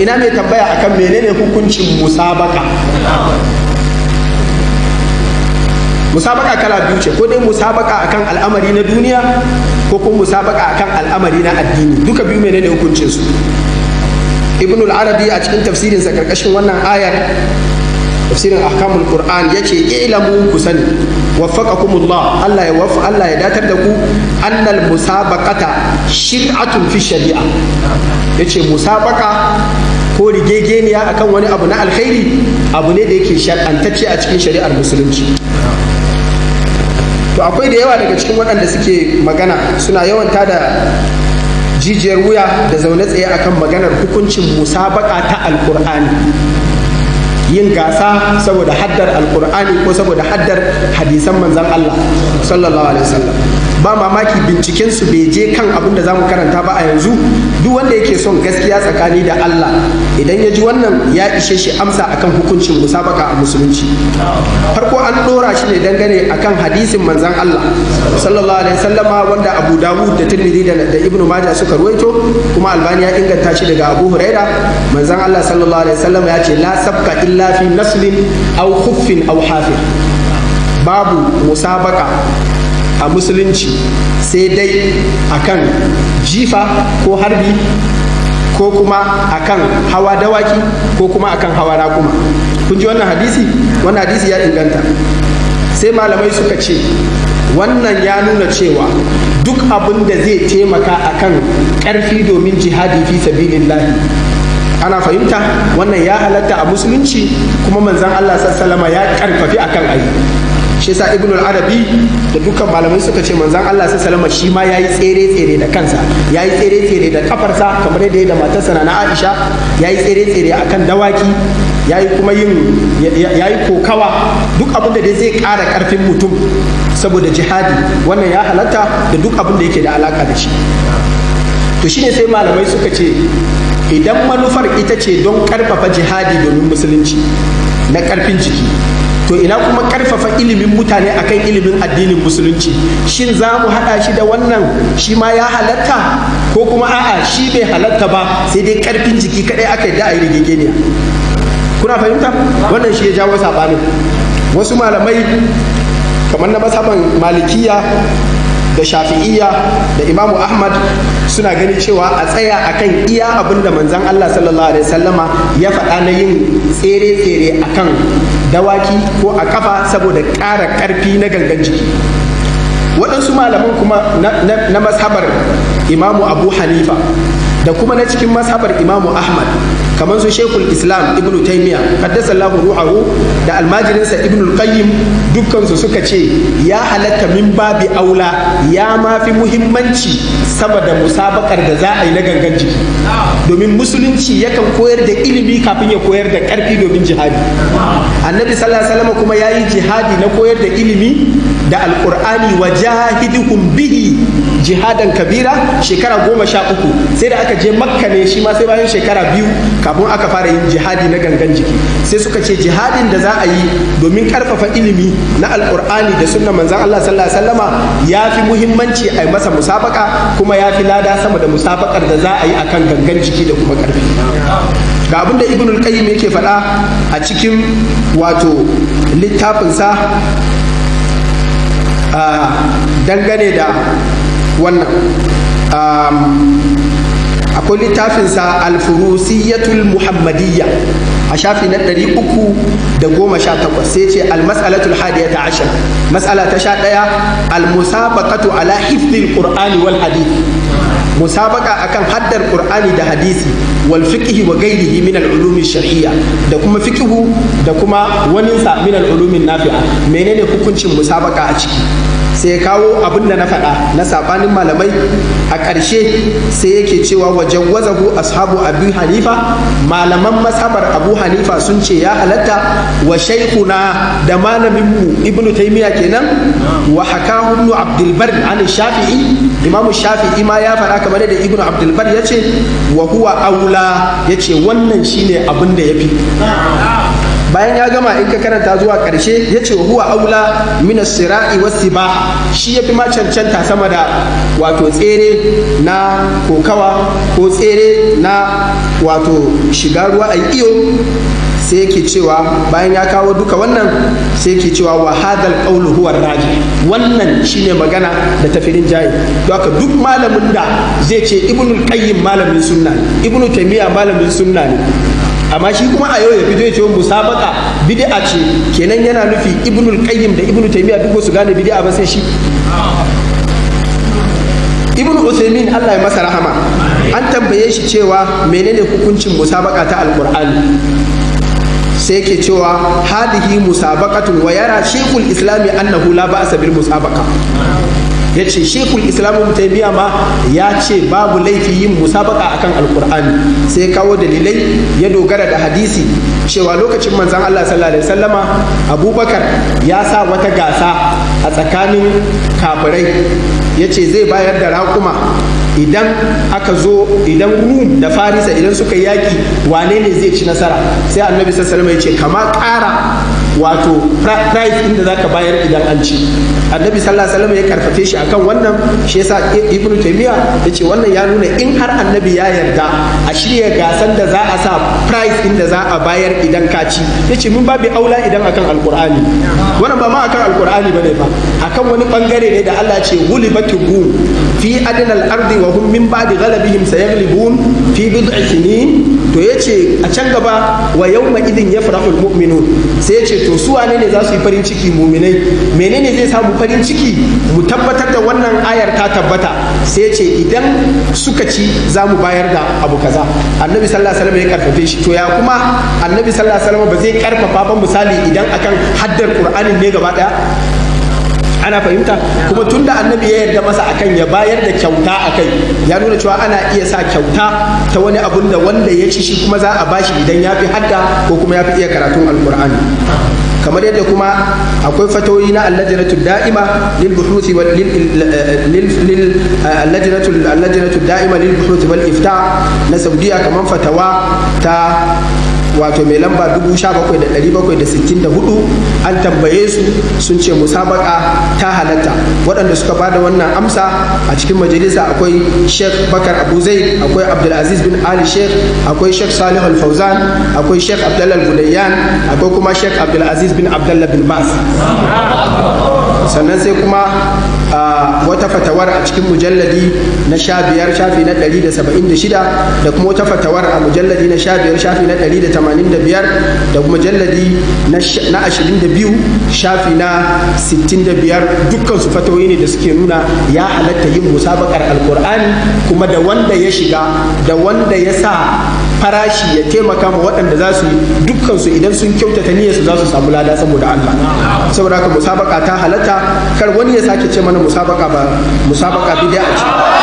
ina mai tambaya akan menene hukuncin musabaka musabaka kala biyu ce ko dai musabaka akan al'amari na duniya ko kuma musabaka akan al'amari na addini duka biyu menene hukuncin su ibn al-arabi a cikin tafsirin sa karkashin wannan ayar tafsirin ahkamul qur'an yace ilamu ku sani waffaqakumullah Allah ya Allah ya datar da ku annal musabaqata shid'atun fi shari'a yace musabaka ko rigegeniya akan wani abu na alkhairi abu ne da yake shar'antacce a cikin shari'ar musulunci to akwai da yawa daga cikin waɗanda suke magana suna yawan da jijiyar wuya da zaune tsaye akan maganar hukuncin musabaka ta alkur'ani yin gasa saboda haddar alkur'ani ko saboda haddar hadisan manzan Allah sallallahu alaihi wasallam ba mamaki binciken su bai je kan abin da zamu karanta ba a yanzu duk wanda yake son gaskiya tsakani da Allah idan ya ji wannan ya ishe shi amsa akan hukuncin musabaka a musulunci farko an dora shi ne dangane akan hadisin manzan Allah sallallahu alaihi wasallama wanda Abu Dawud da Tirmidhi da Ibn Majah suka ruwaito kuma Albani ya inganta shi daga Abu Huraira manzan Allah sallallahu alaihi wasallama ya ce la sabka illa fi naslin aw khuffin aw hafir babu musabaka a musulunci sai dai akan jifa ko harbi ko kuma akan hawa dawaki ko kuma akan hawa rakuma kun ji wannan hadisi wannan hadisi ya inganta sai malamai suka ce wannan ya nuna cewa duk abin da zai taimaka akan ƙarfi domin jihadi fi sabilillahi ana fahimta wannan ya halatta a musulunci kuma manzan Allah sallama ya karfafi akan ayi shi sa ibn al-arabi da dukkan malamai suka ce manzan Allah sallama shi ma yayi tsere tsere da kansa yayi tsere tsere da kafarsa kamar yadda ya da matarsa na Aisha yayi tsere tsere akan dawaki yayi kuma yin yayi kokawa duk abin da zai ƙara karfin mutum saboda jihadi wannan ya halatta da duk abin da yake da alaka da shi to shine sai malamai suka ce idan manufar ita ce don karfafa jihadi domin musulunci na karfin jiki to ina kuma karfafa ilimin mutane akan ilimin addinin musulunci shin za mu hada shi da wannan shi ma ya halatta ko kuma a'a shi bai halatta ba sai dai karfin jiki kadai aka yi da a yi rigegeniya kuna fahimta wannan shi ya jawo sabanin wasu malamai kamar na masaban malikiya da shafi'iyya da imamu ahmad suna ganin cewa a tsaya akan iya abin da manzan allah sallallahu alaihi wasallama ya faɗa na yin tsere-tsere akan dawaki ko a kafa saboda ƙara ƙarfi na gangan jiki waɗansu malaman kuma na, na, mazhabar imamu abu hanifa da kuma na cikin mashabar imamu ahmad kamar su shekul islam ibn taimiya haddasa allahu ru'ahu da almajirinsa ibn qayyim dukkansu suka ce ya halatta min babi aula ya ma fi muhimmanci sama da musabakar da za a yi na gangan jiki domin musulunci yakan koyar da ilimi kafin ya koyar da karfi domin jihadi annabi sallallahu kuma ya yi jihadi na koyar da ilimi da alqur'ani wa jahiduhum bihi jihadan kabira shekara goma sha uku sai da aka je makka ne shi ma sai bayan shekara biyu kafin aka fara yin jihadi na gangan jiki sai suka ce jihadin da za a yi domin karfafa ilimi na alkur'ani da sunna manzan Allah sallallahu alaihi wasallama ya fi muhimmanci a yi masa musabaka kuma ya fi lada sama da musabakar da za a yi akan gangan jiki da kuma karfi ga abin da ibnul qayyim yake faɗa a cikin wato littafinsa ah, dangane da wannan akwai littafinsa alfurusiyatul muhammadiyya a shafi na ɗari uku da goma sha takwas sai ce almas'alatul hadiya ta ashir mas'ala ta sha ɗaya almusabaqatu ala hifdil qur'ani wal hadith musabaka akan haddar qur'ani da hadisi wal fiqhi wa ghairihi min al ulumi shar'iyya da kuma fiqhu da kuma sa min al nafi'a menene hukuncin musabaka a ciki sai ya kawo abin da na faɗa na saɓanin malamai a ƙarshe sai yake cewa wajen wazahu ashabu abu hanifa malaman masabar abu hanifa sun ce ya halatta wa shaikuna da malaminmu ibnu taimiya kenan wa hakahu ibnu abdulbar an shafi'i imamu shafi'i ma ya faɗa kamar da ibnu abdulbar ya ce wa huwa aula ya ce wannan shine abin da ya fi bayan ya gama in ka karanta zuwa ƙarshe ya ce huwa aula mina sira'i wasu ba shi ya fi ma cancanta sama da wato tsere na kokawa ko tsere na wato shiga ruwa a iyo sai yake cewa bayan ya kawo duka wannan sai yake cewa wa hadal qawlu huwa raji wannan shine magana da tafirin jayi to haka duk malamin da zai ce ibnul qayyim malamin sunna ne ibnu taymiya malamin sunna ne amma shi kuma a yau ya fito ya ce musabaka bid'a ce kenan yana nufi ibnul qayyim da ibnu taymiya duk su gane bid'a ba sai shi ibn uthaymin Allah ya masa rahama an tambaye shi cewa menene hukuncin musabaka ta alqur'ani sai yake cewa hadihi musabaqatun wa yara shaykhul islami annahu la ba'sa bil musabaka ya ce shekul islamun biya ma ya ce babu laifi yin musabaka akan alkur'ani sai kawo dalilai ya dogara da hadisi cewa lokacin manzan allah sallallahu alaihi wasallama abubakar ya sa wata gasa a tsakanin kafirai ya ce zai bayar da raƙuma idan aka zo idan rum da farisa idan suka yaƙi wane ne zai ci nasara sai annabi sassalama ya ce kama ƙara wato price inda zaka bayar idan an ci annabi sallallahu alaihi wasallam ya karfafe shi akan wannan shi yasa ibnu taymiya yace wannan ya nuna in har annabi ya yarda a shirya gasan da za a sa price inda za a bayar idan ka ci yace mun babu aula idan akan alqur'ani wannan ba ma akan alqur'ani bane ba akan wani bangare ne da Allah ce gulibatu gum fi adnal ardi wa hum min ba'di ghalabihim sayaglibun fi bid'i sinin to ya ce a can gaba wa yau idin ya farahul mu'minun sai ya ce to su wane ne za su yi farin ciki muminai menene zai samu farin ciki mu tabbatar da wannan ayar ta tabbata sai ya ce idan suka ci za mu bayar da abu kaza annabi sallallahu alaihi wasallam ya karfafe shi to ya kuma annabi sallallahu alaihi wasallam ba zai karfafa ba misali idan akan haddar qur'anin ne gaba daya ana fahimta kuma tunda annabi ya yarda masa akan ya bayar da kyauta akai ya nuna cewa ana iya sa kyauta ta wani abun da wanda ya ci shi kuma za a bashi idan ya fi hadda ko kuma ya fi iya karatun alkur'ani kamar yadda kuma akwai fatoyi na allajinatu da'ima lil buhuthi wal lil allajinatu allajinatu da'ima lil buhuthi wal ifta na saudiya kamar fatawa ta wato mai lamba 17,764 an tambaye su sun ce musabaka ta halatta waɗanda suka ba da wannan amsa a cikin majalisa akwai sheikh bakar abu zaid akwai abdulaziz bin ali sheikh akwai sheikh salih al-fauzan akwai sheikh abdallah al akwai kuma sheikh abdulaziz bin abdallah bin bas sannan sai kuma wata fatawar a cikin mujalladi na sha biyar shafi na ɗari da saba'in da shida da kuma wata fatawar a mujalladi na sha biyar shafi na ɗari da tamanin da biyar da mujalladi na ashirin da biyu shafi na sittin da biyar dukkan su fatawoyi ne da suke nuna ya halatta yin musabakar alkur'ani kuma da wanda ya shiga da wanda ya sa farashi ya taimaka ma waɗanda za su dukkan su idan sun kyautata niyyar su za su samu lada saboda Allah saboda haka musabaka ta halatta kar wani ya sake ce mana musabaka ba musabaka bid'a ce